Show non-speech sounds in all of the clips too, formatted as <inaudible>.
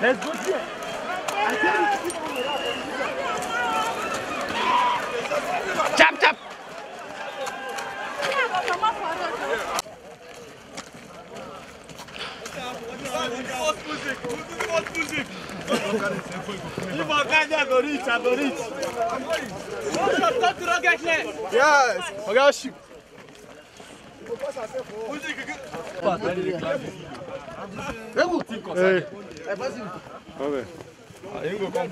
Let's go here. Chap, chap. Yes. I Pega o É, é vazio. Vamos ver. Aí eu vou passar.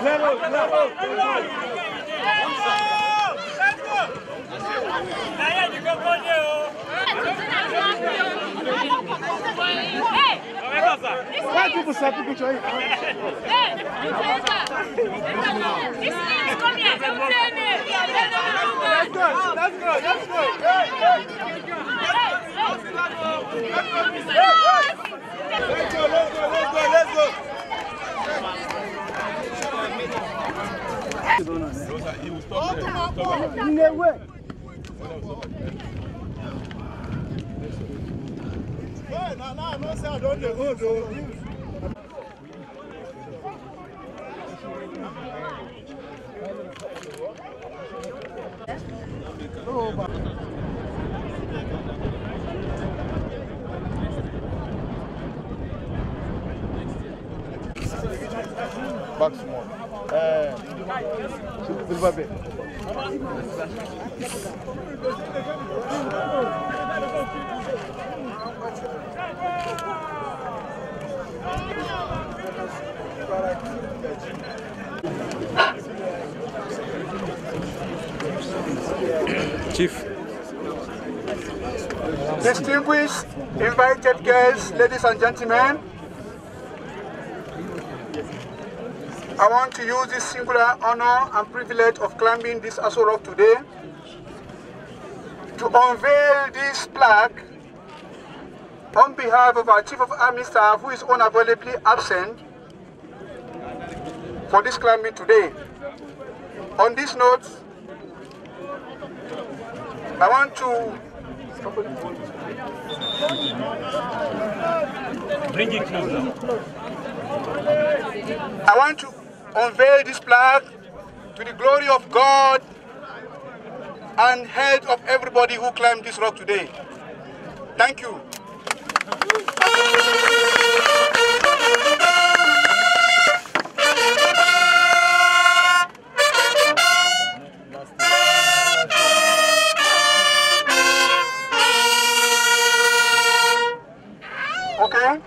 Level, level, level. Láyé ní kókó dé o. Why people start to picture you? Hey, you tell her. This lady come here. Don't tell me. Let's go. Let's go. Let's go. Hey, hey. Let's go. Let's go. Let's go. Let's go. He will stop there. Stop there. Hey, now, now, no, sir, I don't go, though. Baksmon. Ee, şimdi bir bakayım. Chief. Distinguished invited guests, ladies and gentlemen, I want to use this singular honor and privilege of climbing this Aso today to unveil this plaque on behalf of our Chief of Army Staff, who is unavoidably absent for this ceremony today. On this note, I want to bring it closer. I want to unveil this plaque to the glory of God and head of everybody who climbed this rock today. Thank you. Okay?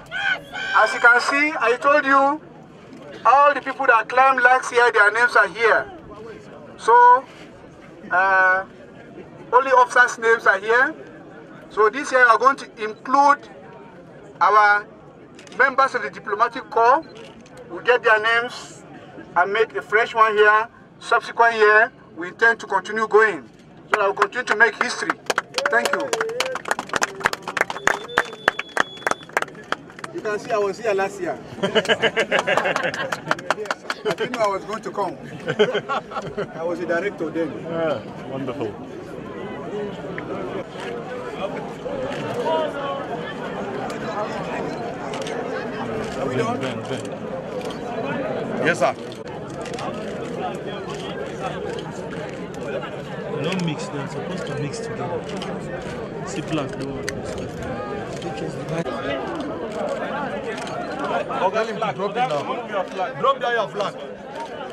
As you can see, I told you, all the people that climbed last year, their names are here. So, uh, only officers' names are here. So this year we are going to include our members of the diplomatic corps. We get their names and make a fresh one here. Subsequent year, we intend to continue going. So that will continue to make history. Thank you. You can see I was here last year. <laughs> I didn't know I was going to come. <laughs> I was a director then. Yeah, wonderful. Ben, ben, ben. Yes, sir. they do not mixed, they're supposed to mix together. See black, no one Drop it now. Drop down your flag.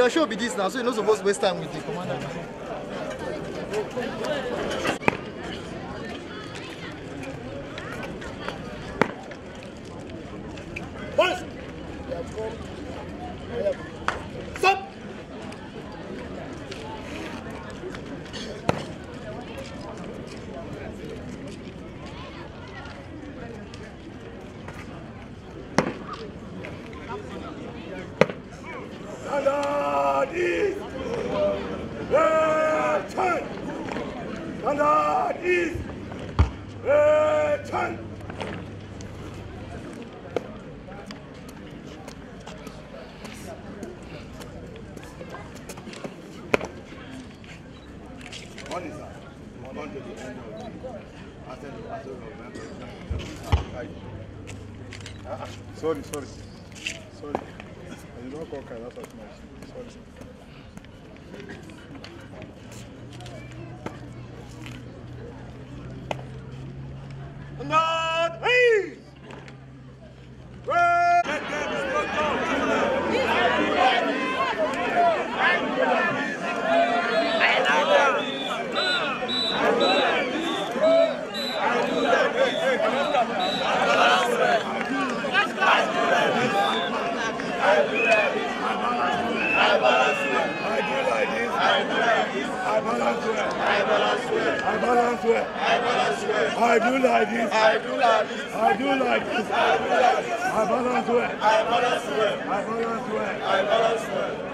your show be this now, so you're not supposed to waste time with the One. What is that? One on to the end of the I said, I don't remember. Sorry, sorry. Sorry. I did not call Kai, that's what my Sorry. I do like this. I do like this. I do like this. I do like this. I balance well. I balance well. I balance well. I balance well.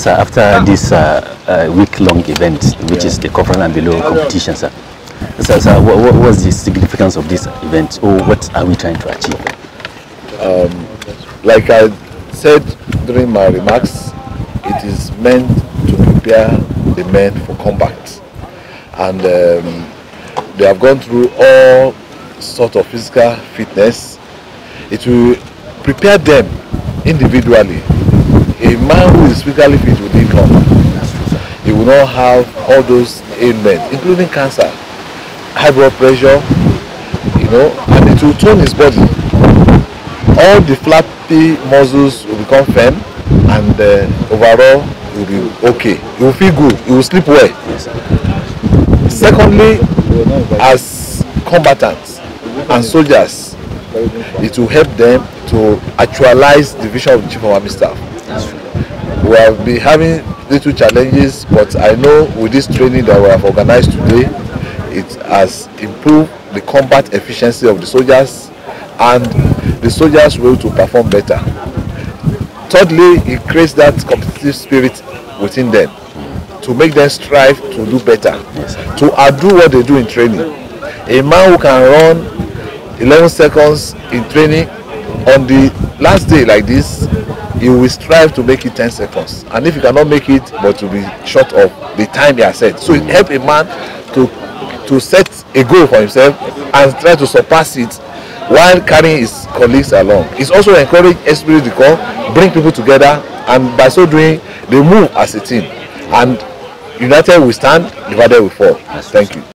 Sir, after ah. this uh, uh, week-long event, which yeah. is the conference and below competition, sir, sir, sir what, what was the significance of this event, or what are we trying to achieve? Um, like I said during my remarks, it is meant to prepare the men for combat. And um, they have gone through all sort of physical fitness. It will prepare them individually a man who is physically fit will need help. He will not have all those ailments, including cancer, high blood pressure, you know, and it will tone his body. All the flappy muscles will become firm and uh, overall will be okay. He will feel good, He will sleep well. Secondly, as combatants and soldiers, it will help them to actualize the vision of the Chief of Army Staff we have been having little challenges but I know with this training that we have organized today it has improved the combat efficiency of the soldiers and the soldiers will to perform better. Thirdly, it creates that competitive spirit within them to make them strive to do better, yes. to outdo what they do in training. A man who can run 11 seconds in training on the last day like this you will strive to make it ten seconds and if you cannot make it but you be short of the time you are set so it help a man to to set a goal for himself and try to surpass it while carrying his colleagues along it also encourage esprit de corps bring people together and by so doing they move as a team and united we stand divided we fall thank you.